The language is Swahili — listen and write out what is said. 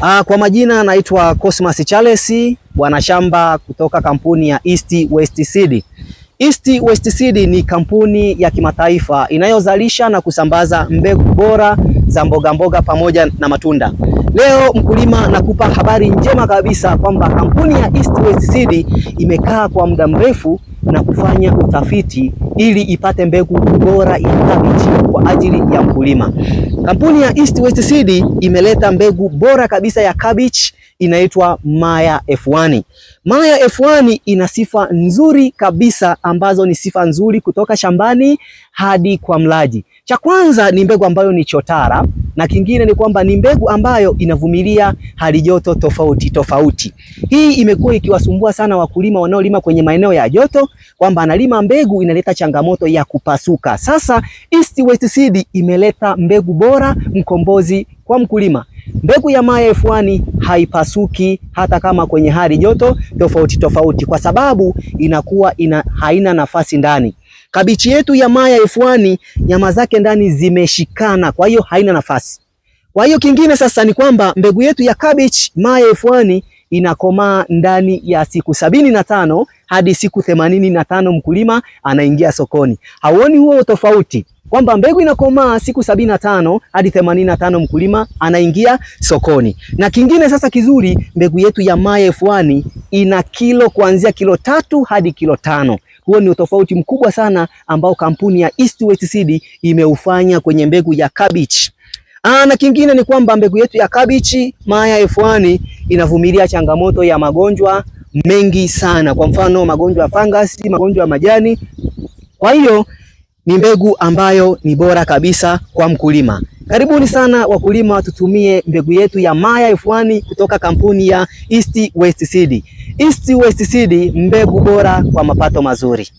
Uh, kwa majina naitwa Cosmas Charles, bwana shamba kutoka kampuni ya East West Seed. East West Seed ni kampuni ya kimataifa inayozalisha na kusambaza mbegu bora za mboga mboga pamoja na matunda. Leo mkulima, nakupa habari njema kabisa kwamba kampuni ya East West Seed imekaa kwa muda mrefu na kufanya utafiti ili ipate mbegu bora ya kabichi kwa ajili ya mkulima. Kampuni ya East West Seed imeleta mbegu bora kabisa ya cabbage inaitwa Maya F1. Maya F1 ina sifa nzuri kabisa ambazo ni sifa nzuri kutoka shambani hadi kwa mlaji. Cha kwanza ni mbegu ambayo ni chotara na kingine ni kwamba ni mbegu ambayo inavumilia hali joto tofauti tofauti. Hii imekuwa ikiwasumbua sana wakulima wanaolima kwenye maeneo ya joto, kwamba analima mbegu inaleta changamoto ya kupasuka. Sasa East West Seed imeleta mbegu bora mkombozi kwa mkulima. Mbegu ya Maya F1 haipasuki hata kama kwenye hali joto tofauti tofauti, kwa sababu inakuwa ina, haina nafasi ndani. Kabichi yetu ya Maya F1 nyama zake ndani zimeshikana, kwa hiyo haina nafasi. Kwa hiyo kingine sasa ni kwamba mbegu yetu ya cabbage Maya F1 inakomaa ndani ya siku sabini na tano hadi siku themanini na tano mkulima anaingia sokoni. Hauoni huo tofauti? kwamba mbegu inakomaa siku sabini na tano hadi themanini na tano mkulima anaingia sokoni. Na kingine sasa kizuri, mbegu yetu ya Maya F1 ina kilo kuanzia kilo tatu hadi kilo tano. Huo ni utofauti mkubwa sana ambao kampuni ya East West Seed imeufanya kwenye mbegu ya cabbage. Aa, ah, na kingine ni kwamba mbegu yetu ya kabichi Maya F1 inavumilia changamoto ya magonjwa mengi sana, kwa mfano magonjwa ya fangasi, magonjwa ya majani. Kwa hiyo ni mbegu ambayo ni bora kabisa kwa mkulima. Karibuni sana wakulima, tutumie mbegu yetu ya Maya F1 kutoka kampuni ya East West Seed. East West Seed, mbegu bora kwa mapato mazuri.